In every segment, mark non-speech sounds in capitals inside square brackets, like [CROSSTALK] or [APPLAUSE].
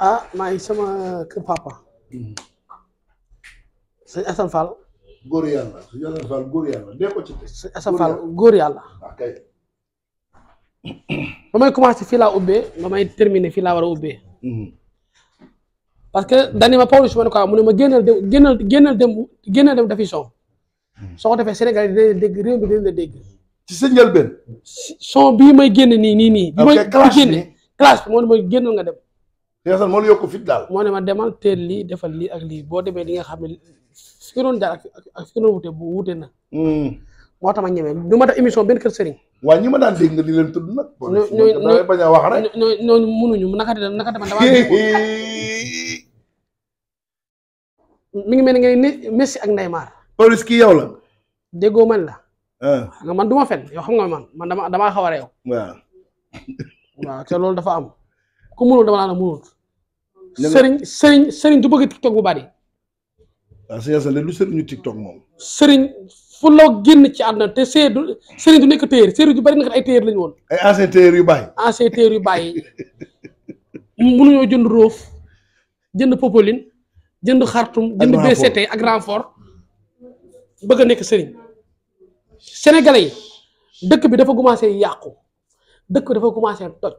ah maa ngi sama kër papa. sëñ Assane Fall. góor yàlla sëñ Assane Fall góor yàlla dee ko ci. sëñ ah, ba may commencé fii laa ubbee ba may terminé fii war a ubbee. Mhm. parce que dani ma Pawlish ma ne quoi ah, mu ne ma génnal dem génnal génnal dem génnal dem mhm. soo defee Sénégal yi dégg réew mi dinañ dégg. ci sa njëlbeen. son bii may génn nii nii nii. bi ah, may génn classe bi moom mooy génnal nga dem. Serigne Assane la yokk fit daal. moo ne ma demal teel lii defal lii ak lii boo demee li nga xam ne fi nga doon jaar ak ak fi nga bu na. Hmm. moo tax ma ñeme émission benn kër Serigne. waa ñi ma daan dégg nga di leen tudd nag. a wax rek. ñoo ñoo munuñu naka dama naka [LAUGHS] dama. ngi mel ni Messi ak Neymar. kii yow la. déggoo man la. Ah. nga man du ma fen yow xam nga man man dama damaa xaw a reew. waaw. [LAUGHS] waaw te loolu dafa am ku munul dama naan munut. sëriñ sëriñ sëriñ du bëgg tiktok bu bari. waaw si yàlla lu sëriñu tiktok moom. sëriñ fu loo génn ci àdduna te see du sëriñ du nekk téer sëriñ du bari nekk ay téer lañu woon. ay ancien téer yu bàyyi. ancien téer yu bàyyi ñoo jënd roof jënd popoline jënd xartum jënd BCT ak renfort bëgg a nekk sëriñ sénégalais dëkk bi dafa commencé yàqu. dëkk dafa commencé toj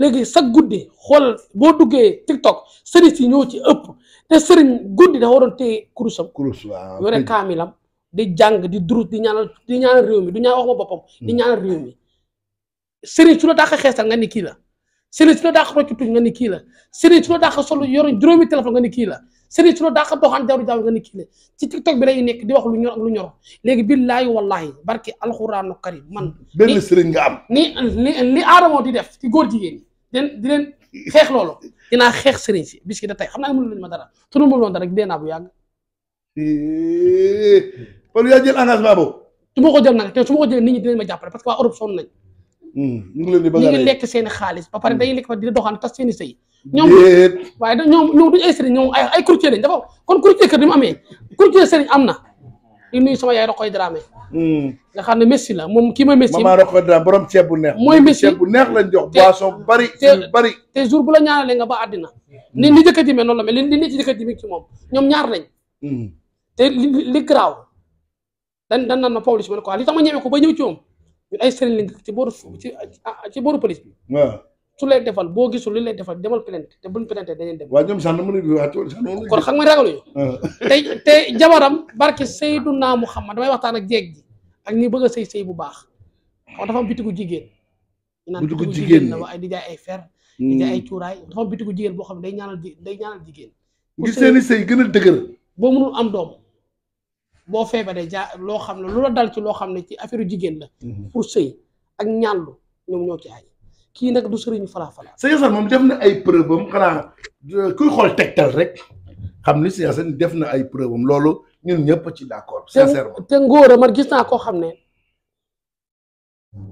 léegi sag guddi xool boo duggee TikTok sëriñ si ñoo ci ëpp te sëriñ guddi dafa waroon téye kurusam. kurus waaw yore kaamilam di jàng di durus di ñaanal di ñaanal réew mi du ñaan wax ma boppam. di hmm. ñaanal réew mi sëriñ su la tax a nga ni kii la. sëriñ su la dàq rocc tuñ nga ni kii la sëriñ su la dàq solo yor juróomi téléphone nga ni kii la sëriñ su la dàq doxaan jawru jaaw nga ni kii la ci tiktok bi lay nekk di wax lu ñor ak lu ñor léegi billaahi wallaahi barki alxuraanu karim man benn sëriñ nga am ni li li aadamoo di def ci góor jigéen ñi den di leen xeex loolu dinaa xeex sëriñ si bis ki da tey xam naa ne mënu lañu ma dara tunu mënu loon dara rek dee naa bu yàgg Fallou yaa jël engagement boobu su ma ko jël nag te su ma ko parce que waa Europe sonn nañ Hmm. ñu ngi leen di lekk seen xaalis ba pare hmm. dañuy lekk ba di doxaan tas seen i sëy ñoom waaye da ñoom ñoom duñu ay sëriñ ñoom ay ay courtier lañ kon courtier kër ni mu amee courtier sëriñ am na di nuyu sama yaay Rokoy Dramé hmm. nga xam ne Messi la moom kii mooy Messi maman Rokoy borom ceeb bu neex mooy Messi bu neex lañ jox boisson bari bari te jour bu la ñaanalee nga ba àddina ni ni jëkkër ji mel la mel li li ne ci jëkkër ji mi ci moom ñoom ñaar lañ te li li garaaw dan dan naan ma Pawlish ma ne ko ah, li tax ma ko ba ñëw ci ñun ay sëriñ lañ dëkk ci booru ci ci booru police bi. waaw su lay defal boo gisul li lay defal demal plainte te buñ plainte dañuy dem. waaw ñoom sax na mën a kon xam nga ragaluñu. Ah. te te jabaram barke Seydunaa Muhammad damay waxtaan ak jeeg ji ak ñi bëgg a sëy sëy bu baax wax dafa am bitigu jigéen. bitigu jigéen ñi naan bitigu di jaay ay fer. di hmm. ay cuuraay dafa am bitigu jigéen boo xam ne day ñaanal day ñaanal jigéen. ngir seen ni sëy gën a dëgër. boo mënul am doom boo feebaree jaa loo xam ne lu la dal ci loo xam ne ci affaire jigéen la. Mhm. pour sëy ak ñaanlu ñoom ñoo ci ay kii nag du sëriñu falaa falaa. sëñ moom def na ay preuve am xanaa kuy xool tegtal rek xam ni sëñ Assane def na ay preuve am loolu ñun ñëpp ci d'accord. sincèrement te ngóora man gis naa koo xam ne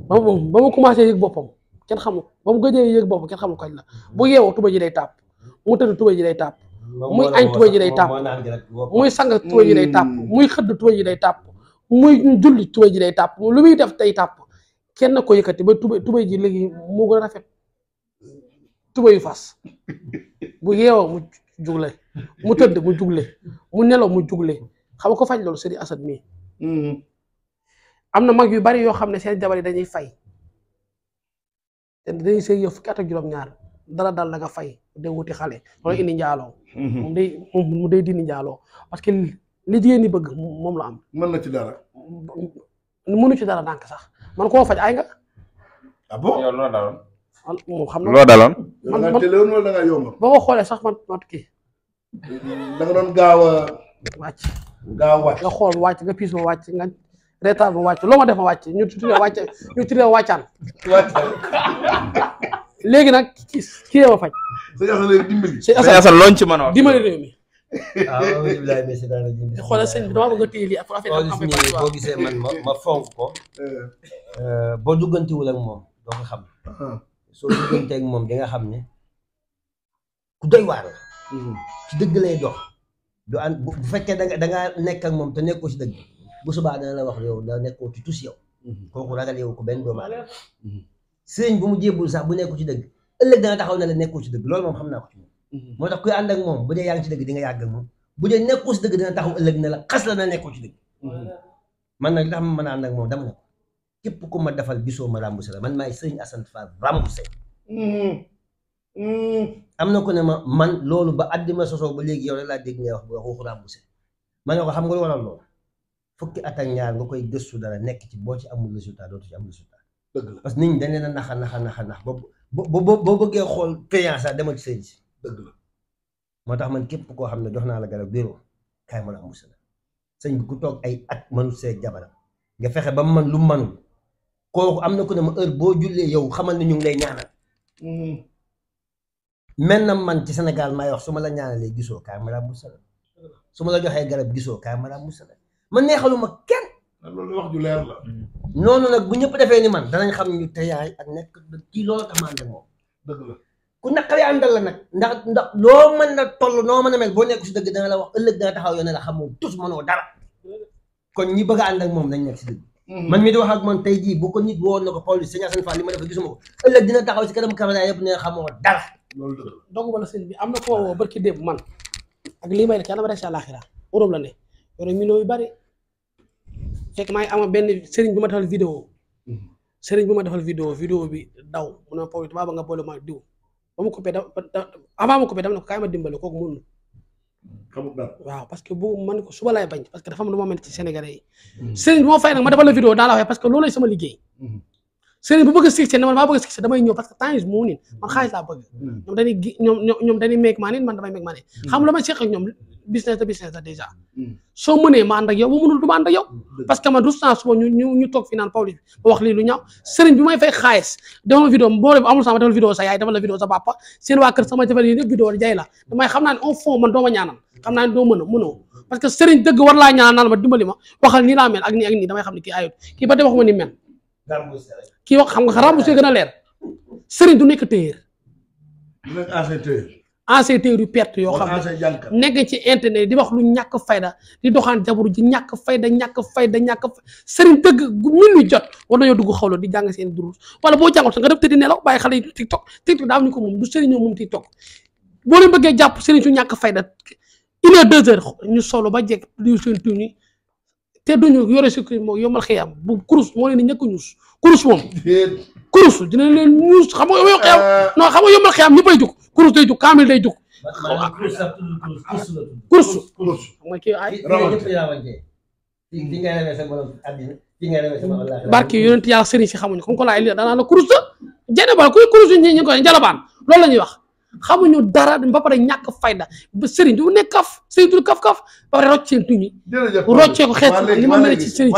ba mu ba commencé yëg boppam kenn xamu ba mu gëjee yëg boppam kenn xamul kañ la bu yeewoo tuba ji day tàpp mu tëdd tuba ji day tàpp. muy añ tuba ji day tàpp muy sanga tuba ji day tàpp muy xëdd tuba ji day tàpp muy julli tuba ji day tàpp lu muy def day tàpp kenn ko yëkkati ba tuba tuba ji léegi moo gën a rafet tuba fas bu yeewoo mu jugle mu tëdd mu jugle mu nelaw mu jugle xam ko faj loolu Serigne Assane mii hmm. am na mag yu bari yoo xam ne seen jabar yi dañuy fay te dañuy sëy yow fukki at ak juróom-ñaar dara dal la nga fay de wuti xale loolu mm-hmm. indi mm-hmm. njaaloo parce que li jigéen ñi bëgg moom la am mën na ci dara mënu ci dara ndànk sax man koo faj ay nga ah loo daloon ah, moom xam na loo daloon man téléwoon boo ko xoolee sax man kii da doon gaaw a wàcc gaaw nga xool wàcc nga piis ma wàcc nga reetaan ma wàcc loo ma def ma wàcc ñu tuddee wàcc ñu léegi nag ki ki yow a faj. sëñ Assane léegi dimbali. sëñ Assane looñ ci mën a wax. dimbali réew mi. ah xoolal sëñ bi damaa bëgg a téye lii ak affaire am boo gisee man ma ma fonk ko. [LAUGHS] Euh, boo duggantiwul ak moom doo ko xam. Uh-huh. soo dugganteeg moom di nga xam ne ku doy waar la. Mm-hmm. ci dëgg lay dox. du ànd bu fekkee da nga da ngaa nekk ak moom te nekkoo ci dëgg bu subaa dana la wax yow da nekkoo ci tus yow. Mm-hmm. kooku ragal yow ko benn doomu aadama mm-hmm. sëñ bu mu jébbul sax bu nekku ci dëgg ëllëg dana taxaw ne la nekkul ci dëgg loolu moom xam naa ko ci moom mhm. moo tax kuy ànd ak moom bu dee yaa ngi ci dëgg di nga yàgg ak moom bu dee nekkul ci dëgg dana ne la xas la na nekkul ci dëgg mhm. man nag li mën a ànd ak moom képp ku ma defal gisoo ma remboursé la man maay sëriñ Assane Fall remboursé mhm. am na ko ne ma man loolu ba ma sosoo ba léegi yow rek laa dégg ngay wax bu wax waxu ma ne ko xam nga lu a loolu fukki at ak nga koy gëstu dara nekk ci boo ci amul résultat dootu ci am résultat dëgg la parce que nit ñi dañ leen a naxa naxa naxa nax ba boo bëggee xool payant sax demal ci sëñ si dëgg moo tax man képp koo xam ne jox naa la garab wéeroo kaay ma la am sëñ ku toog ay at mënul see nga fexe ba man lu manul am na ku ne ma heure boo jullee yow xamal ne ñu ngi lay ñaanal mm-hmm. mel na man ci Sénégal maay wax su ma la ñaanalee gisoo kaay ma la am musala ma la joxee garab gisoo kaay ma la am ma neexaluma kenn loolu wax ju leer la. Mm. noonu nag bu ñëpp defee ni man danañ xam ñu teyaay ak nekk kii loolu tax ma ànd ak moom. dëgg la ku naqaree àndal la nag ndax ndax loo mën na toll noo mën a mel boo nekk si dëgg dana la wax ëllëg dana taxaw yoon la xam moom tus mënoo dara kon ñi bëgg a moom nañ nekk si dëgg. Mm-hmm. man mi di wax ak man tey jii bu ko nit woon na ko police sëñ Assane Fall li ma def gisuma ko ëllëg dina taxaw si kanam caméra yëpp ne xamoo dara. loolu dëgg la donc bi am na koo woo barki démb man ak lii may nekk yàlla ma des àllaaxira Europe la te maa ngi amoon benn sëriñ bu ma defal vidéo hmm. sëriñ bu ma defal vidéo vidéo bi daw mu ne ma Pawlish ba nga boole ma diw ba mu coupé da avant mu coupé dama ne ko kaay ma dimbale kooku mënul. xamul dara waaw parce que bu man ko suba laay bañ parce que dafa am lu ma mel ci hmm. sëriñ bu ma fay nag ma defal la vidéo daa la waxee parce que loolay sama liggéey. Hmm. sëriñ bu bëgg a succès ne man maa bëgg a succès damay ñëw parce que temps yi moo niin man xaalis laa bëgg hmm. ñoom dañuy gi ñoom ñoom may fay xaalis defal ma vidéo amul sama defal vidéo sa yaay defal la vidéo sa papa seen waa sama defal yi yëpp vidéo jaay la damay xam naa ne au fond man doo ma xam naa ne doo mën a mënoo parce que sëriñ dëgg war ñaanal naan ma dimbali ma waxal nii laa mel ak nii ak nii damay xam ne kii ayut kii ba de waxuma ni mel kii wax xam nga Rambouillet gën a leer sëriñ du nekk téyeer. du nekk ancien téyeer. ancien yu perte yoo xam ne nekk ci internet di wax lu ñàkk fayda di doxaan jabaru ji ñàkk fayda ñàkk fayda ñàkk sëriñ dëgg mu min ñu jot war nañoo dugg xawlo di jàng seen durus wala boo jàngoon sax nga def tëddi nelaw bàyyi xale yi tiktok tiktok daa am ñu ko moom du sëriñ ñoo moom tiktok boo leen bëggee jàpp sëriñ su ñàkk fayda une heure ñu solo ba jekk di seen tuñi te duñu yore si kii moom yombal xiyam bu kurus moo leen di ñëkk ñuus kurus moom kurus dina leen ñuus xam nga yow xiyam ah. non xam nga yombal xiyam ñëppay jug kurus day jug kaamil day jug kurus kurus mooy kii ay barki yonent yàlla sëriñ si xamuñu comme ko laay li danaa la kurus da jene bal kuy kurus ñu ñu koy njalabaan loolu la ñuy wax xamuñu dara ba pare ñàkk fayda ba sëriñ du nekk kaf sëriñ du kaf kaf ba pare roccee tuñi roccee ko xeet li ma mel ci sëriñ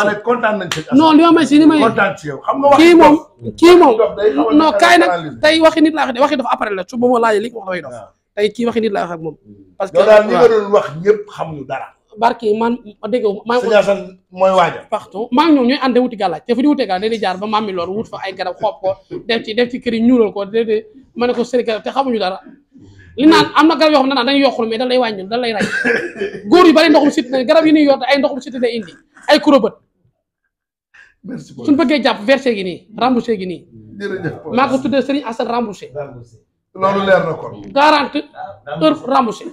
non li ma mel si li may kii moom kii moom non kaay nag tey waxi nit laa wax de waxi dafa appareil la su ba ma li wax dafay ah. waxi nit laa wax moom parce que daal li nga doon wax ñëpp xamuñu dara barke man mooy waaja. pardon maa ngi ñooy ànd wuti gàllaaj te fu di wutee gàllaaj dañuy jaar ba màmmi loolu wut fa ay garab xoob ko def ci def ci ko déedéet ma ne ko sëri garab te xamuñu na garab yoo xam ne naan dañuy yokkul mais da lay da lay rey góor yu bari ndoxum siti yi ñuy yor ay ndoxum siti lay indi ay kurobët. merci beaucoup suñu bëggee jàpp versé gi nii remboursé gi nii. jërëjëf maa ko tuddee Serigne Assane remboursé. remboursé loolu leer na kon. 40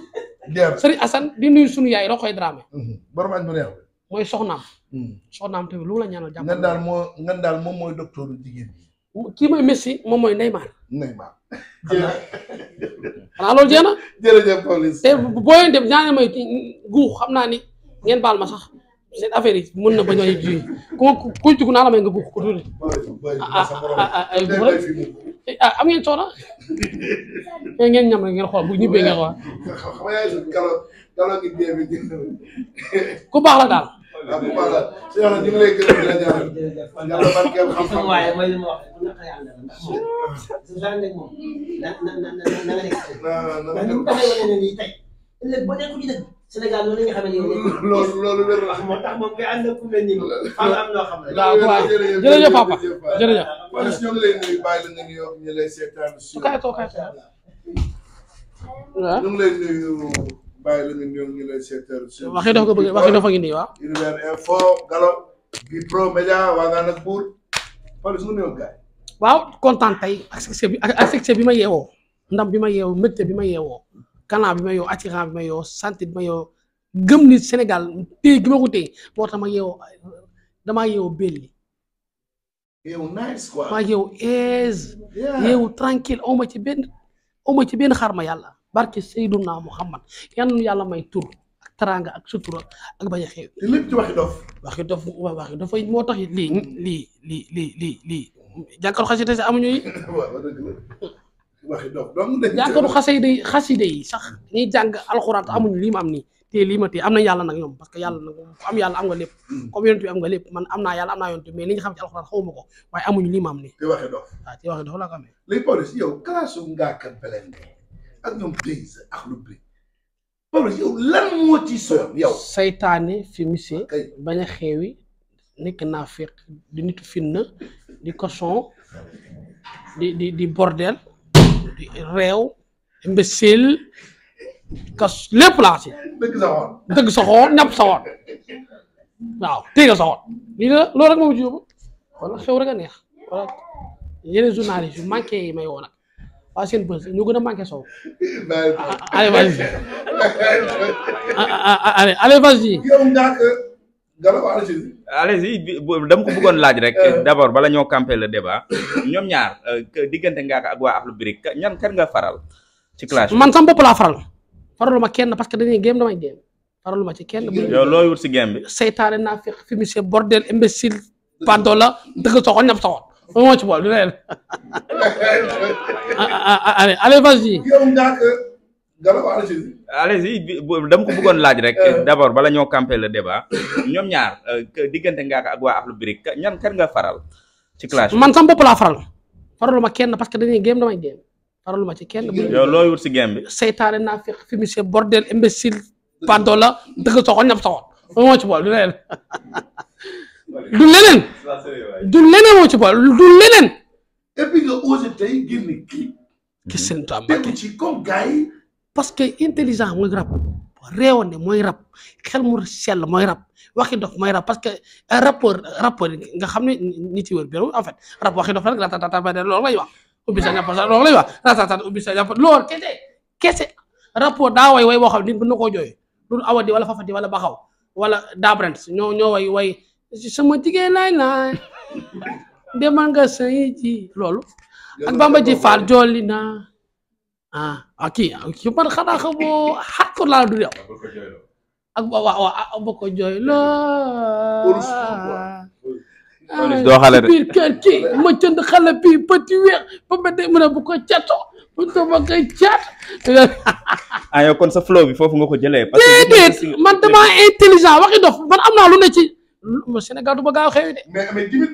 Serigne Assane di nuyu sunu yaay Rokoy Dramé. Mhm. borom añ bu neex mooy soxnaam. Mhm. soxnaam tamit lu la ñaanal jàpp. ngan daal moo ngan daal moom mooy docteur jigéen ñi. kii mooy Messi moom mooy Neymar. Neymar xanaa loolu jeex na. jërëjëf Pawlish. te boo leen guux xam naa ni ngeen baal ma sax. seen affaire yi mën na bañ a ji ku ku jug naa la may nga bugg ko tuuti ay ah, ah, ah, coono [LAUGHS] eh, ngeen ñam rek xool bu ñibbee ngeen xool ku baax la daal. léegi boo loolu la ñu xamee loolu loolu wér ne. waaw waaw jërëjëf papa jërëjëf. wala ñoo ngi lay nuyu bàyyi la nga ñu yor ñu lay ngi lay nuyu bàyyi ngi nii waaw. Univers Pro Média waa ngaa nag buur Pawlish ak succès bi ak succès bi ma yeewoo ndam bi ma yeewoo mbégte bi ma yeewoo calan bi ma yow attirant bi ma yow santé bi ma yow Sénégal téye gi ma moo tax ma yow damaa yeewu belli. yeewu nice quoi ci benn aw yàlla barke Seydina Muhammad yan yàlla lii lii si amuñu yi. [COUGHS] waxi dof dong lañ. jàngatu xasida yi xasida yi sax ñuy jàng alxuraan amuñu lii ma am nii te lii ma te am nañ yàlla nag ñoom parce que yàlla nag ku am yàlla am nga lépp. Hmm. comme yonent bi am nga lépp man am naa yàlla am naa yonent mais li nga xam ci alxuraan xawma ko waaye amuñu lii ma am nii. waxi dof waaw te waxi dof laa ko amee. léegi Pawlish ak ñoom lu yow saytaane fi misé bañ a xeewi nekk naa fekk di nitu finna di cochon di di bordel réew imbécile kas lépp laa si dëgg sa xool ñàpp sa waaw téega sa xool lii la loolu xew rek a neex wala yeneen journaliste yu manqué yi may woon ak waa seen bës ñu gën a manqué sow ah, ah, allez allez-y dama ko bëggoon laaj rek [LAUGHS] eh. d'abord bala ñoo camper le débat ñoom ñaar euh, diggante Ngaaka ak waa Akhlou Brick ñan kan nga faral ci clash man sama bopp laa faral faralu ma kenn parce que dañuy game damay game faralu ma ci kenn yow looy wut si game bi seytaane naa fekk fi monsieur bordel imbécile pando la dëgg soxol ñam soxol moo ci bool lu leen allez allez-y dama ko bëggoon laaj rek [LAUGHS] euh. d'abord bala ñoo campé le débat ñoom ñaar euh, diggante Ngaaka ak waa Akhlou Brick ñan kan nga faral ci clash man sama bopp laa faral faralu ma kenn parce que dañuy game damay game faralu ma ci kenn yow looy wut si game bi seytaane naa fi fi monsieur bordel imbécile pando la dëgg soxol ñam soxol moo ci bool du leneen [LAUGHS] du leneen du leneen bool du leneen et puis nga osé tey génn kii gis parce que intelligent mooy rab réewande mooy rab xel mu sell mooy rab waxi dof mooy rab parce que rapport euh, rapport nga xam ne nit yi wër biir en fait rab waxi dof rek ratatata ba loolu lay wax ubbi sa ñàpp loolu lay wax ratatata ubbi sa ñàpp loolu kese kese rapport daa way way boo xam bu na koo jooyee loolu awadi wala fafati wala baxaw wala dabrent ñoo ñoo way way sama jigéen laay laay [LAUGHS] demal nga sëy ji loolu ak bamba ji faal jooli naa ah ah, ah kii man xanaa xamoo xat ko laa du ak ba waaw waaw ba ko jooy lool ah, ah, doo xale biir kër ma cënd xale bi weex ba ma de mu ko catoo bu to ma koy cat ah yow sa flow foofu nga ko jëlee déedéet man dama intelligent waxi dof man am naa lu ne ci Sénégal du ma gaaw xew de. mais mais dix na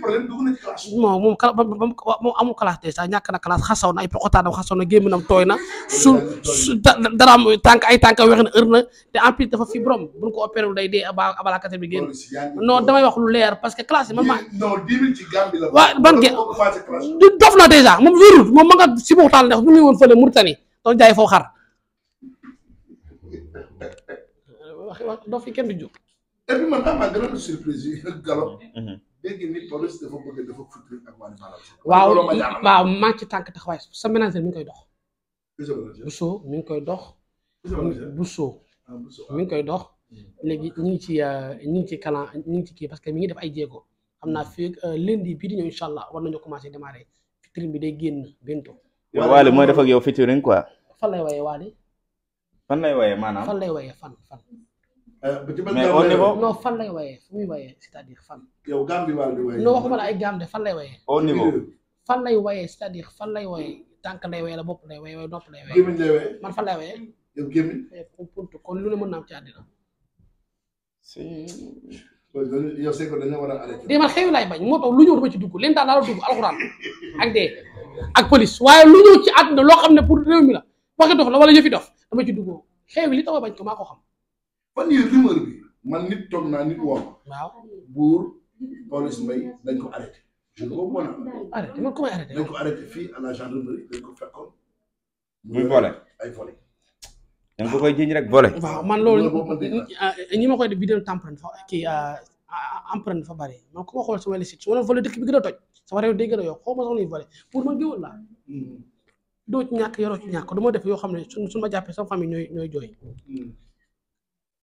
ci classe. non moom moom amul classe déjà ñàkk na classe xasaw na ay poxotaanam xasaw na gémminam tooy na su su tànk ay tànk weex na ër na te en dafa fibrom bu ñu ko day dee abaa bi génn. non damay wax lu leer parce que classe yi man maa. ban ge du dof na déjà moom wérul moom ma nga si buxtaan def bu ñu woon fële Mauritanie doon jaay foofu xar. [LAUGHS] et man [LAUGHS] mm-hmm. mm-hmm. waaw waaw maa ngi ci tànk taxawaay sa ménager mi ngi koy dox. Bousso mi ngi koy dox. Bousso ah, ah. mi ngi koy dox. Mm. léegi ñu ci ñu ngi ci kalan euh, ñu ngi ci kii parce que mi ngi def ay jéego xam naa fii euh, lundi bii di ñëw incha allah war nañoo commencé démarrer featuring bi day génn bientôt. Wally mooy def yow featuring quoi. fan lay wooyee Wally. fan lay wooyee maanaam fan lay wooyee fan fan. Euh, ba ci ban. mais fan lay wayee fu muy wayee cest à fan. yow waxuma la ay gaam de fan lay wayee. au niveau fan lay wayee lay wayee tànk lay wayee la bopp lay wayee nopp lay wayee. gémmiñ lay wayee man fan lay wayee. yow gémmiñ. Eh, kon lu ne mën na am ci àddina. si. a arrêté. de man xew laay bañ moo tax lu ñëw dama ci dugg leen daal laa dugg alxuraan ak dee ak police waaye lu ñëw ci àddina loo xam ne pour réew mi la waxe dof la wala yëfi dof dama ci dugg xew li tax bañ ko maa xam fan yii rumeur bi man nit toog naa nit woo ma. buur Pawlish Mbaye dañ ko arrêté. je ko a. man comment arrêté fii à la gendarmerie dañ ko ay volé. dañ ko koy jiñ rek volé. waaw man loolu ah, ñi ma koy def vidéo tamprene fa kii ah, ah, emprunté dafa bari man ku ma xool sama liste su ma volé dëkk bi gën a toj sama réew day gën a yokk xaw ma sax luy volé pour ma géwël laa. Mm. doo ñàkk yoroo ci ñàkk du ma def yoo xam ne su ma jàppee sama famille ñooy ñooy jooy. Mm.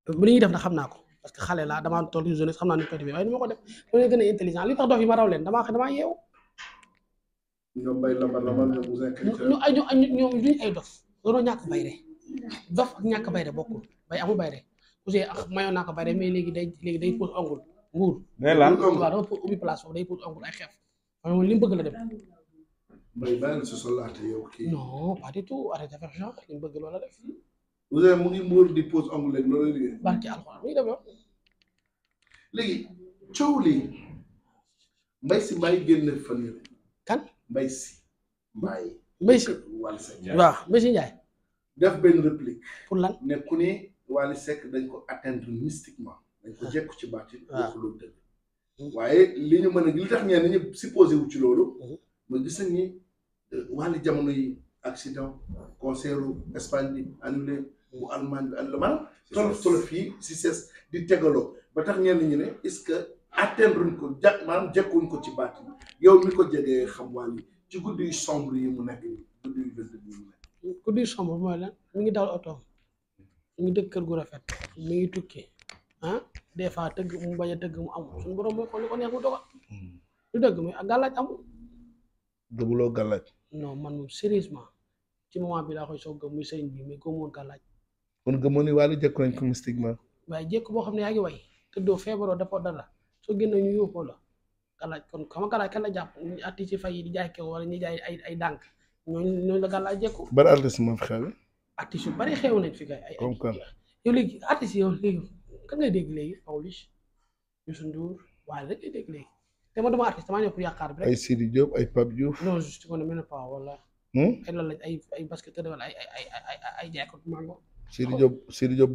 bu ñuy def na xam naa ko parce que xale laa damaa toll jeunesse xam naa ni koy defee waaye ni ma ko def ma leen gën a intelligent li tax dof ma ñu ay ñoom duñ ay ñàkk bay dof ñàkk bay re bay amul bay re aussi ah, mayoon naa ko bay re léegi day léegi day puus ongul nguur waaw dafa puus ubbi place pour day puus ongul ay xeef waaye moom li mu bëgg la dem bay bàyyi non pas du tout arrêté li mu bëgg loola def Ouzin mu ngi muur di pose ongle léegi loolu la liggéey. barke alxuraan muy dama. léegi coow lii mbay si mbaay génn fan yii. kan mbay si. mbaay mbay si Wally Seck Ndiaye waaw mbay def benn réplique. pour lan ne ku ne Wally Seck ko atteindre mystiquement. dañ ko jekku ci baat yi. Ah. waaw loolu dëgg. waaye li ñu mën a li tax ñenn ñi supposé wu ci loolu. ma mhm. gis nañ ni euh, Wally jamono yi accident concert Espagne bi annulé. bu almaan bi almaan tolof tolof yi si ses di tegaloo ba tax ñenn ñu ne est-ce que atteindre ko ja maanaam jekkuñ ko ci baat yow mi ko jegee xam wàll ci guddi yu sombre yi mu nekk guddi yu sombre mooy lan mi ngi dal oto mu ngi dëkk kër gu rafet mu ngi tukki ah des fois tëgg mu bañ a tëgg mu amul suñu borom mooy xool li ko neex mu dogal du hmm. dëgg mais ak gàllaaj amul. gëmuloo gàllaaj. non man moom sérieusement ci moment bi laa koy soog a gëm muy sëriñ bi mais gëmoon gàllaaj. kon gëmoon ni wàllu jëkku nañ ko mystiquement. waaye jëkk boo xam ne yaa ngi way te doo feebaroo dafa dara soo génnee ñu yóbboo galaaj kon xam nga galaaj kan la jàpp ñu atti ci fay yi ñu jaay ay ay dànk ñooñu ñooñu la galaaj jëkku. bari artiste moom fi xew. artiste yu bari xew nañ fi kay. ay comme kan yow léegi artiste yow léegi kan ngay dégg léegi Pawlish Youssou Ndour waaye rek ngay dégg léegi te man dama artiste damaa ñëw pour yaakaar bi rek. ay Sidi Diop ay Pape Diouf. non juste ko ne mel na pas ay loolu ay ay basketteur ay jaay ko mango Sidi Diop Sidi Diop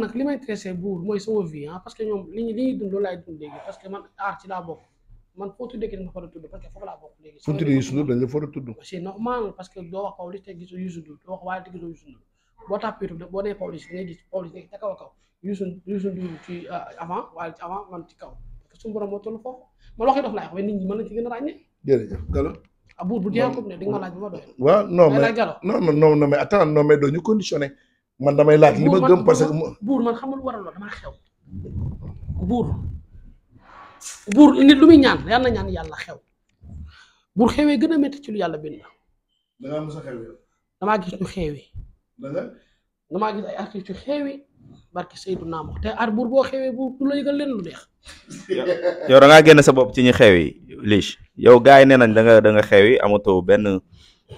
nag li may intéressé buur mooy sama vie ah, parce que ñoom li ñu dund loolu laay dund léegi parce que man aar ci laa bokk man foo tudd parce que foofu laa bokk léegi. foo tuddee Youssou tudd. c'est normal parce que doo wax Pawlish te gisoo Youssou Ndour doo wax waaye te boo tàppee YouTube boo nee Pawlish ngay gis Pawlish nekk ca kaw a kaw Youssou Youssou Ndour ci euh, avant waaye avant man ci foofu man waxi dof laay wax nit ñi mën nañ ci gën a abuur ah, bu jeexagum ne di nga ma laaj bu ma doy. waaw non mais non non non non mais doo ñu conditionné man damay laaj li ma gëm parce que. buur man xam nga lu waral loolu damaa xew. buur buur nit lu muy ñaan yal na ñaan yàlla xew buur xewee gën a métti ci lu yàlla bind. da damaa gis ñu xewee. damaa gis ay artistes yu xewee. barki Seydina Muhammad te ar buur boo xewee bu du la yëgal leen lu neex. yow da ngaa génn sa bopp ci ñi xew yi Lich yow gars yi nee nañ danga da nga xew yi amatoo benn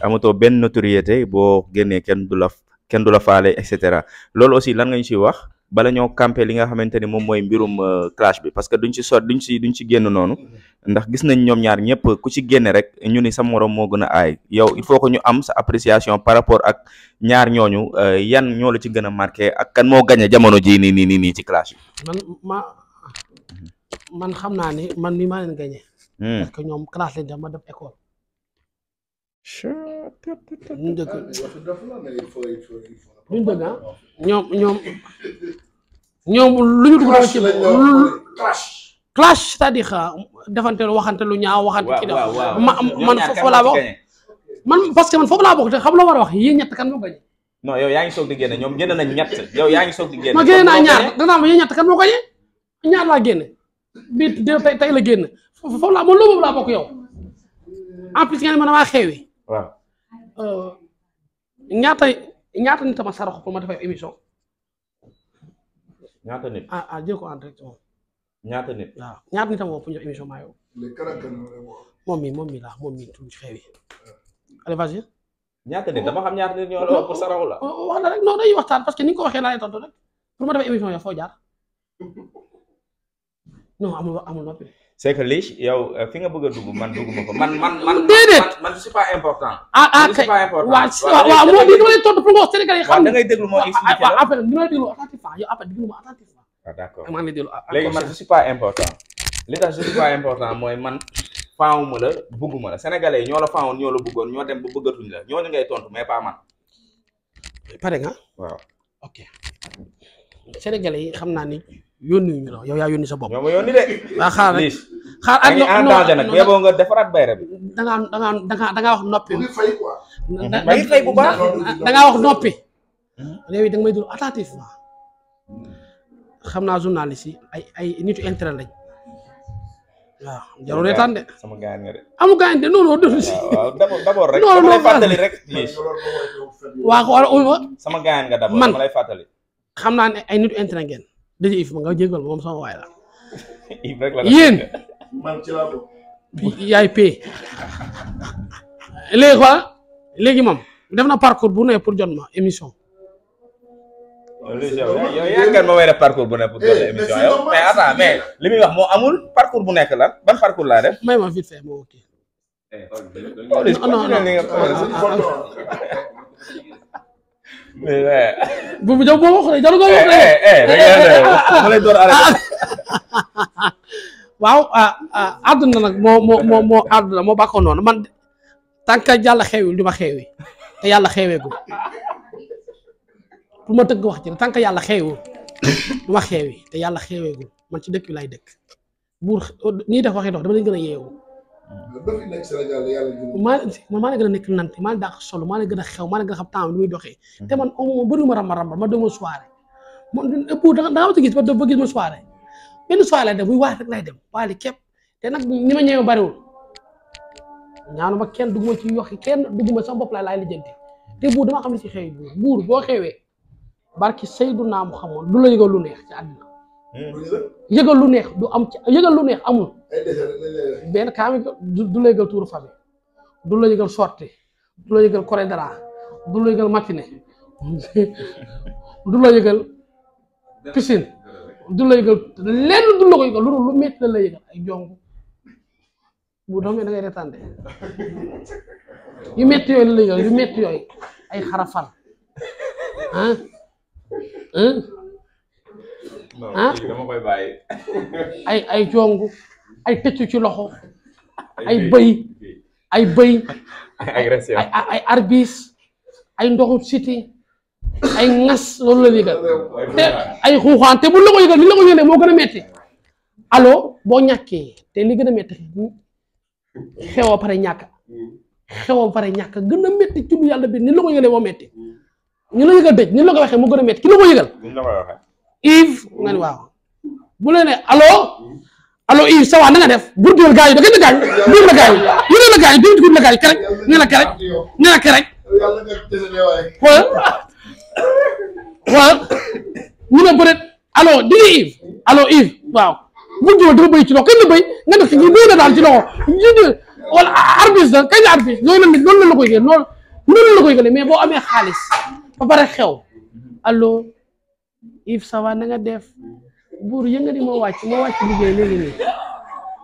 amatoo benn notoriété boo génnee kenn du la kenn du la faale et cetera loolu aussi lan nga ñu siy wax. bala ñoo campé li nga xamante ni moom mooy mbirum euh, clash bi parce que duñ ci sot duñ ci duñ ci génn noonu ndax gis nañ ñoom ñaar ñëpp ku ci génne rek ñu ni sa moroom moo gën a aay yow il faut que ñu am sa appréciation par rapport ak ñaar ñooñu euh, yan ñoo la ci gën a marqué ak kan moo gagné jamono ji nii nii nii nii ci clash bi. man ma xam naa ne man mii maa hmm. que ñoom clash lañ dama def école. ñu dëkk. Ah, duñ bëgg ah ñoom lu ñu dugg ci clash c'est-à-dire euh, defante waxante lu ñaaw waxante ci da ma man foofu laa bokk man que man foofu xam la war a wax yéen ñett kan moo gañe non yow yaa ngi soog di génne ñoom génne nañ ñett yow yaa ngi soog di génne ma génne naa ñaar danaa ma yéen kan moo gañe ñaar laa génne bii tey la génn foofu laa man loolu boobu laa bokk yow en plus nga ne man damaa xeewi waaw euh, ñaata nit ma sarax pour ma defay émission. ñaata nit ah, ah, ko en direct moom. ñaata nit waaw ñaata nit ma woo pour ñu def moom mi moom mi la moom mi tuuti xew yi. allez vas-y. ñaata xam ñaata nit ñoo la woo pour saraxu la. Oh, wax na rek waxtaan parce que ni nga ko rek pour ma defay émission yow foo jaar [LAUGHS] non amul amul noppi. c'est que léegi yow euh, fi nga bëgg a man dugguma ko man man man déedéet man je suis pas important. ah ah waaw moo di tontu pour nga wax la après ma attentivement. ah d'accord maa ngi déglu man je suis pas important ñoo la faawoon ñoo la ñoo dem ba bëggatuñ la ñooñu ngay tontu mais pas man. pare nga waaw yi xam naa ni. yónni ñu sa bopp. yow ma yónni de. waa xaar rek xaar nga defaraat bayra bi. da ngaa da ngaa wax noppi. da fay quoi. Mhm. wax noppi. léegi da may dul attentivement xam naa journaliste yi ay ay nitu intérêt lañ. waaw jarul reetaan de. sama gaañ nga de. amu gaañ de non non. waaw d'abord rek. fàttali man xam naa ne ay nitu intérêt ngeen. dëgg if ma nga jégal moom sama waay la. if ci laa bokk. yaay pay léegi moom def na parcours bu ne pour jot ma émission. yow bu nekk mais attends mais li muy wax moo amul parcours bu nekk la ban parcours laa def. may ma vite fait moo eh, ok. Oh, non non ah, ah, ah. bu bu boo wax rek jarul nga nag moo moo moo moo moo bàkkoo noonu man tànk jàll xeewul du ma te yàlla xeewee ko pour ma tëgg wax ci tànk yàlla xeewul du ma te yàlla xeewee ko man ci dëkk bi laay dëkk buur ñiy def waxi dox dama leen gën a yeewu dafi nekk Sénégal yàlla maa man maa gën a nekk nante maa la dàq solo maa la gën a xew maa la gën a xam temps bi muy doxee mhm. te man amoo bëriwuma ramba ramba ma dama soirée man ëpp da nga ma gis ma dama gis ma benn soirée lay dem muy waay rek lay dem waali képp te nag ni ma ñëwee bariwul ñaanu ma kenn dugguma ci yoxi kenn dugguma sama bopp laay laay lijjanti te buur dama xam ne si xew buur buur boo xewee barki Seydou naa mu xamoon du la yëgal lu neex ci àddina hmm. yëgal lu neex du am ci yëgal lu neex amul benn kaamil du la yëgal tuuru famille du la yëgal sorti du la yëgal corée dara du la yëgal matinée du la yëgal piscine du la yëgal lenn du la ko yëgal lu lu la la yëgal ay jong bu doom da ngay retande yu métti yooyu la la yëgal yu métti yooyu ay xarafal ah, ah. ah dama koy bàyyi ay ay jongu ay tëccu ci loxo ay bëy ay bëy ay arbis ay ndoxu siti ay ŋas loolu la yëgal te ay xuuxaan te bu la ko yëgal li la ko moo gën a metti aloo boo ñàkkee te ni gën a metti xew a pare ñàkk xew a pare ñàkk gën a metti ci lu yàlla bi ni la ko yëgalee metti ñu mm. la yëgal dëj ni la ko waxee moo gën a metti ki la yëgal Yves nga ne waaw bu la ne allo allo Yves sa waa def bur dugal gaañu da nga gaañu duur la gaañu yéen la gaañu duur duur la gaañu kerek nga la kerek nga la kerek xoolal xoolal ñu ne peut-être allo di nga Yves allo Yves waaw bur dugal dafa ci loxo kañ la béy nga def ñu béy na daal ci loxo ñu wala arbitre la kañ la arbitre loolu la loolu la la koy gën loolu loolu la koy gën boo amee xaalis ba pare xew allo. Yves ça va na nga def buur yëngani ma wàcc ma wàcc liggéey léegi nii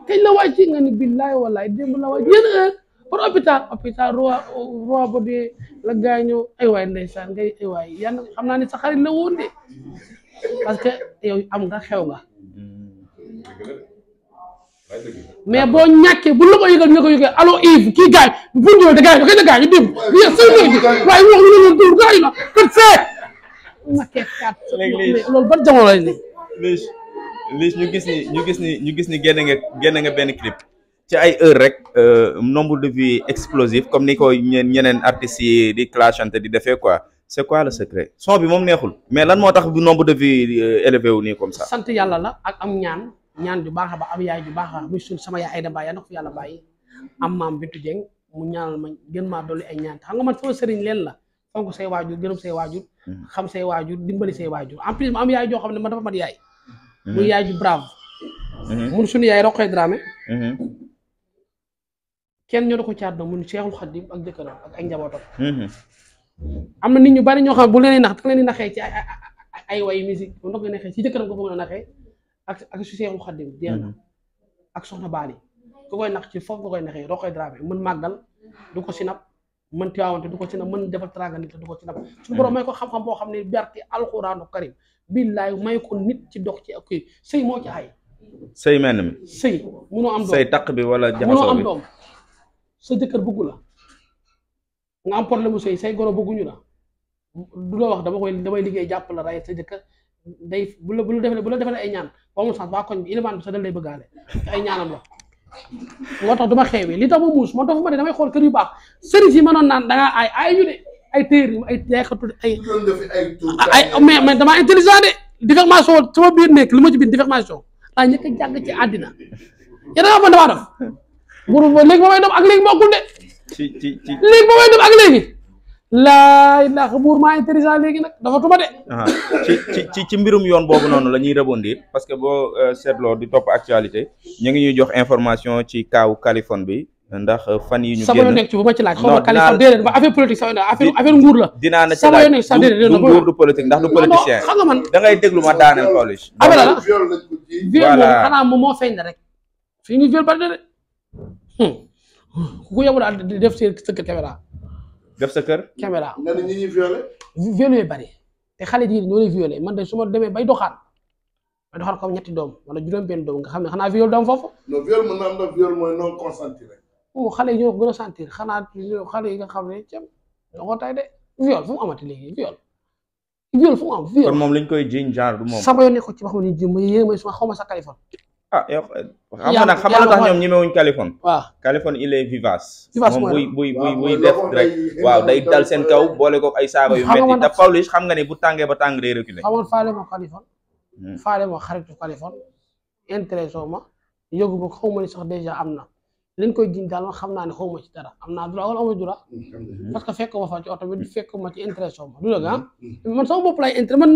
kañ la wàcc nga ni billaay wallaay démb la wàcc yéen heure pour hôpital hôpital roi roi ba dee la gaañoo ay waay ndeysaan ngay ay waay yan xam naa ne sa xarit la woon de parce que yow am nga xew nga mais boo ñàkkee bu la ko yëgal ñu ko yëgal allo Yves kii gaañ bu ñu da gaañ da gaañ démb sëñ bi waaye wax nga loolu dóor gaañ la léegi loolu ban jamono lañ léegi léegi ñu gis ni ñu gis ni ñu gis ni génne nga génne nga benn clip ci ay heure rek euh, nombre de vues explosif comme ni koy ñeen ñeneen artistes yi di clashante di defee quoi c'est quoi le secret soo bi moom neexul mais lan moo tax bu nombre de vues euh, élevé wu nii comme ça. sant yàlla la ak am ñaan ñaan ju baax ba am yaay ju baax muy suñ sama yaay ay da bàyyi na ko yàlla bàyyi am maam Bintu Dieng mu ñaanal ma gën maa dolli ay ñaan xam nga man foo sëriñ leen la. fonk say waajur gërëm say hmm. xam say waajur dimbali say waajur en plus am yaay joo xam ne man dafa mat yaay hmm. muy yaay ju brave hmm. mun suñu yaay roqee Dramé kenn ñoo da ko caat na mun Seexul Xadim ak jëkkëram na nit ñu bari ñoo xam bu leen nax da ci ay a naxee Seexul Xadim jeex na ak soxna Baali ku koy nax ci foofu nga koy naxee roqee Dramé mun màggal du ko sinap man mën tiwaawante du ko ci na mën defal teraanga nit te du ko ci na suñu borom may ko xam-xam boo xam ne berti alxuraanu karim billaay may ko nit ci dox ci ak kii sëy moo ci ay sëy menn mi sëy munoo am doom taq bi wala jaxasoo bi munoo am doom sa jëkkër bëggu la nga am problème mu sëy say goro bëgguñu la du la wax dama koy damay liggéey jàpp la ray sa jëkkër day bu la bu la defee bu la defee ay ñaan ba mu sax waa koñ bi ilimaan bi sa dañ lay bëggaale ay ñaanam la moo tax du ma xeewee li tax ma muus moo tax fu ma ne damay xool kër yu baax sëriñ yi mënoon naan da ngaa aay aay ñu de ay téer ay jaykatu ay ay mais mais damaa intelligent de diffamation sama biir nekk li ma ci bind diffamation daa ñëkk a jàng ci àddina yéen a man damaa def léegi ma may dem ak léegi bokkul de léegi ma may dem ak léegi laay ndax buur maa intéressant léegi nag dafa tuma de. ci ci mbirum yoon boobu noonu la ñuy rebondir parce que boo euh, seetloo di topp actualité ñu ngi ñuy jox information ci kaaw Kaliphone bi. ndax euh, fan yi ñu génn sama nekk ci bu ma ci laaj xaw ma Kaliphone déedéet ba affaire politique sax affaire affaire nguur la dinaa na ci laaj du nguur du politique ndax du politicien xam man da ngay ma daaneel collège affaire ah, la viol moom xanaa moom moo rek fii ñu viol bari na de hmm. ku ko yebul def seen sa def sa kër caméra nga ne ñi ñuy violé violé yu bari te xale jigéen ñoo lay man de suma demee bay doxaan bay doxaan comme ñetti doom wala juróom benn doom nga xam ne xanaa viol doom foofu non viol mën naa am viol mooy moom oh, xale yi ñoo ko gën a sentir xanaa xale yi nga xam ne cam ñoo ko tay de viol fu moom lañ koy jiñ genre du moom sama yoon ne ko ci wax ma ni jëm may yéen may suma xaw ma sa téléphone ah yow euh, xam nga nag xam nga tax ñoom ñemewuñ Kaliphone. waaw Kaliphone il est vivace. vivace moom buy buy buy def rek. waaw day dal seen kaw boole ko ay saaga yu metti te Pawlish xam nga ne bu tàngee ba tàng day reculer. xamoon faale ma Kaliphone. Hmm. faale ma xaritu Kaliphone. intéressé ma yóbbu ma xaw ma ni sax dèjà am na liñ koy jiñ daal xam naa ne xaw ma ci dara am naa droit wala amul droit. fekk ma fa ci oto bi fekk ma ci intéressé ma du dëgg ah. Hmm. man sama bopp laay intéressé man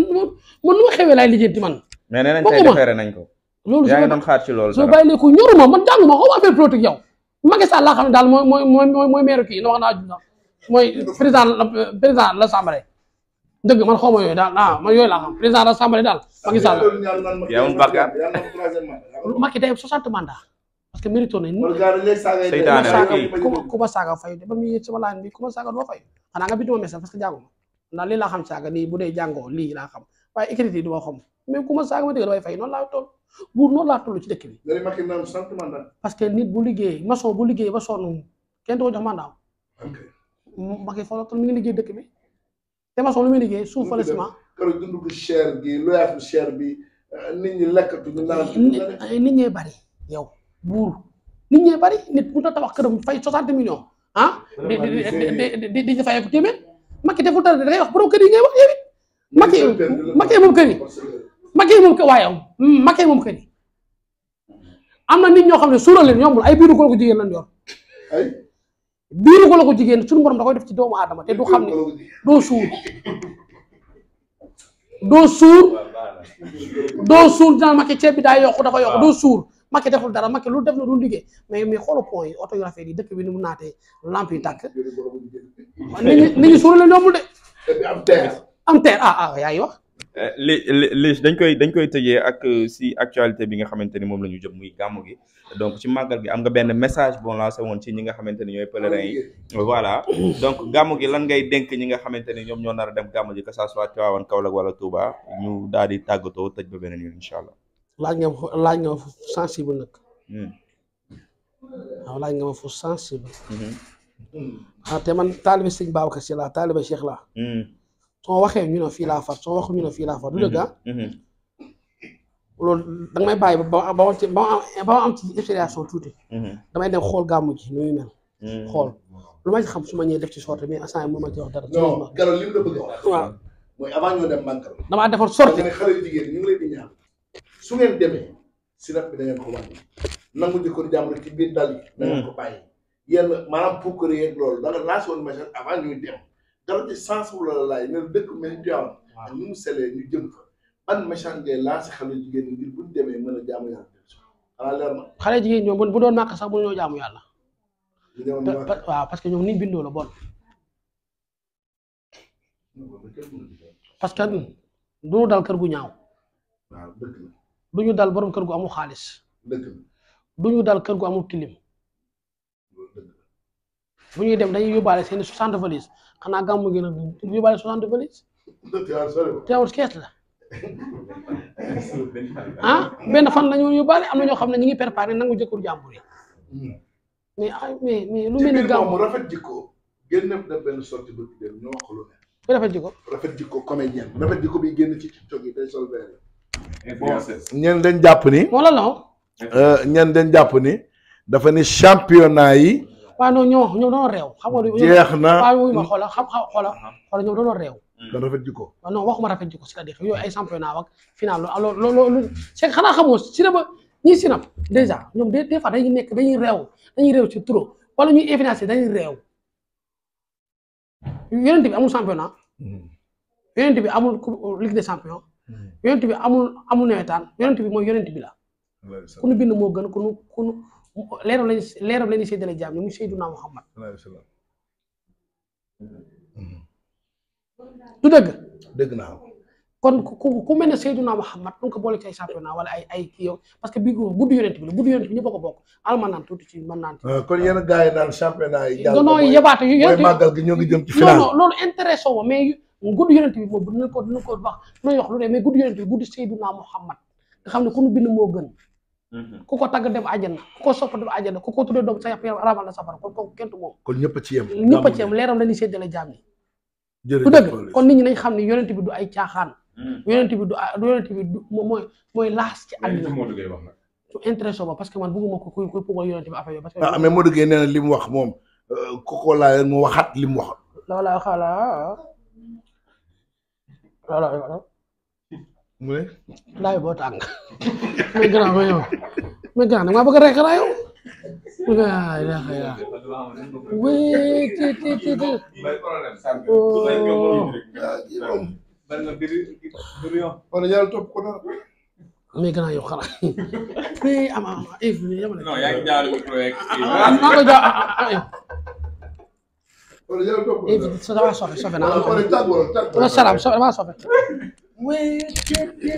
man nu ma xewee laay lijjanti man. mais nee tey defeere nañ ko loolu yaa ngi doon xaar ci loolu dara bàyyi léegi ñoru ma man jàngu ma xaw ne daal mooy mooy mooy mooy maire naa junna président président l'Assemblée daal ah man yooyu laa xam day am 60 mandats parce que mérito nañ seytaane la kii ku ma saaga fay ba mu yëg a laaj bi ku ma saaga doo fay xanaa nga bind ma message parce que jàngu ma ndax lii laa xam saaga lii bu dee jàngoo lii laa xam waaye écrit yi du ma xam saaga ma dëgg damay fay noonu laa toll buur noonu laa toll ci dëkk bi. léegi Macky naan parce que nit bu liggéey maçon bu liggéey ba sonn kenn du ko jox mandat am. ok Macky foofu ngi liggéey dëkk bi te maçon lu muy liggéey suuf fa la ciment. keroog dundu gu bi eh, nit ñi lekkatuñu naan. nit ñee bari yow buur nit ñee bari nit bu na tabax këram fay 60 millions. ah di di di di fay ko téeméer Macky deful dara da ngay wax borom kër yi ngay wax yow it. Macky Macky moom kër yi. Macky moom kay waaye am Macky moom kay am na nit ñoo xam ne suural leen yombul ay biiru ko la ko jigéen lan yor biiru ko la ko jigéen suñu borom def ci doomu aadama te xam ne doo suur doo suur doo suur dinaan bi daa yokku dafa yokku doo suur Macky deful dara Macky lu def la du liggéey mais mais xoolu oto yu yi dëkk bi ni mu naatee lamp yi tàkk nit ñi nit ñi suural leen yombul de am teer ah ah yaay wax Euh, li li dañ koy dañ koy tëjee ak euh, si actualité bi nga xamante ni moom la ñu jëm muy gàmmu gi donc ci màggal gi am nga benn message boo lancé woon ci ñi nga xamante ni ñooy pèlerins voilà donc gàmmu gi lan ngay dénk ñi xamante ni ñoom ñoo nar a dem gàmmu gi que ça soit Tivaouane Kaolack wala Touba ñu daal di tàggatoo tëj ba beneen yoon incha allah. laaj nga ma fu laaj nga ma fu sensible nag. Hmm. Hmm. Ah, te man taalibe Sëñ Babacar Si laa taalibe Cheikh laa. Hmm. soo waxee ñu ne fii laa far soo waxu ñu ne fii laa far du dëgg ah. mm-hmm. Mm-hmm. loolu danga may bàyyi ba ba ci ba ma am ci explication tuuti. Mm-hmm. damay dem xool gàmmu ji nu muy mel. xool lu ma ci xam su ma ñëwee def ci sorte mais instant yii moom ma ci wax a damaa defar sorte su ngeen demee sirap bi da ngeen ko nangu jëkkër jàmbur ci biir dal yi. da ngeen ko bàyyi yéen maanaam pour que yeeg loolu da nga lancé woon message ñuy dem. garab gi sens wu la laay ne dëkk mel ni Tivaouane. waaw nu mu selee ñu jëm fa. ban message ngay lancé xale jigéen ñi ngir bu ñu demee mën a jaamu yàlla. xanaa leer na xale jigéen ñoom bu doon màkk sax bu ñoo jaamu yàlla. ñu demoon waaw parce que ñoom ni bindoo la bon. parce que du ñu dal kër gu ñaaw. waaw dëgg la du ñu dal borom kër gu amul xaalis. dëgg la du ñu dal kër gu amul tilim. bu ñuy dem dañuy yóbbaale seen i 60 valises xanaa gàmmu gi nag ñu yóbbaale 60 valises. teewul kees la. ah benn fan la ñu yóbbaale am na ñoo xam ne ñu ngi préparé nangu jëkkër jàmbur yi. mais ah, mais mais lu mel ni gàmmu rafet jikko génn na benn sorti bu dem ñu rafet jikko rafet jikko comédien rafet jikko bi génn ci TikTok yi day sol verre. ñeen dañ jàpp ni. moo la euh, ñeen dañ jàpp ni dafa ni championnat yi. waaw non ñoo ñoom doon réew. jeex na waaw wuy ma xoola xam xoola xoola ñoom doon réew. dana mm. rafet jikko. non waxuma rafet jikko c'est-à-dire yooyu ay championnat ak final loolu loolu loolu c'est que xanaa xamoo si ba ñuy sinap déjà ñoom des des fois dañuy nekk dañuy réew dañuy réew ci trop wala ñuy influencé dañuy réew yonent bi amul championnat mm. yonent bi amul ligue des champions mm. yonent bi amul amul nawetaan yonent bi mooy yonent bi la ku nu bind moo gën ku nu ku nu leeram lañ leeram la séddale jaam ñi muy Seydunaa Muhammad hmm. du dëgg dëgg naa kon ku ku mel ne Seydunaa Muhammad duñ ko que bii guddi yonent bi la guddi yonent a ko bokk al ma naan tuuti ci ma mais guddi yonent bi ko dinañ ko lu ne mais guddi yonent bi guddi Seydunaa Muhammad nga xam ne ku nu bind moo gën Mm-hmm. ku ko tagg dem àjjana ku ko sopp dem àjjana ku ko tuddee doom sa yàpp yaram araamal na safara kon kooku kenn kon ñëpp ci yem ñëpp ci yem leeram la ñuy séddale jaam yi du dëgg kon nit ñi nañ xam ne yonent bi du ay caaxaan mm-hmm. yonent bi du a mooy mooy laas ci àddina su intéressé ma parce que man bëgguma ko kuy kuy pugal yonent bi affaire parce que ah mais Modou Gueye nee na li mu wax moom euh, kooku laa mu waxaat li wax mu ne. laay boo tàng. ma yow mais grand damaa bëgg a rek raayoo. ah il a xayma. wéé té té té té. wala yàlla topp ko dara. mais grand yow xanaa. mais sofe naa. sofe. With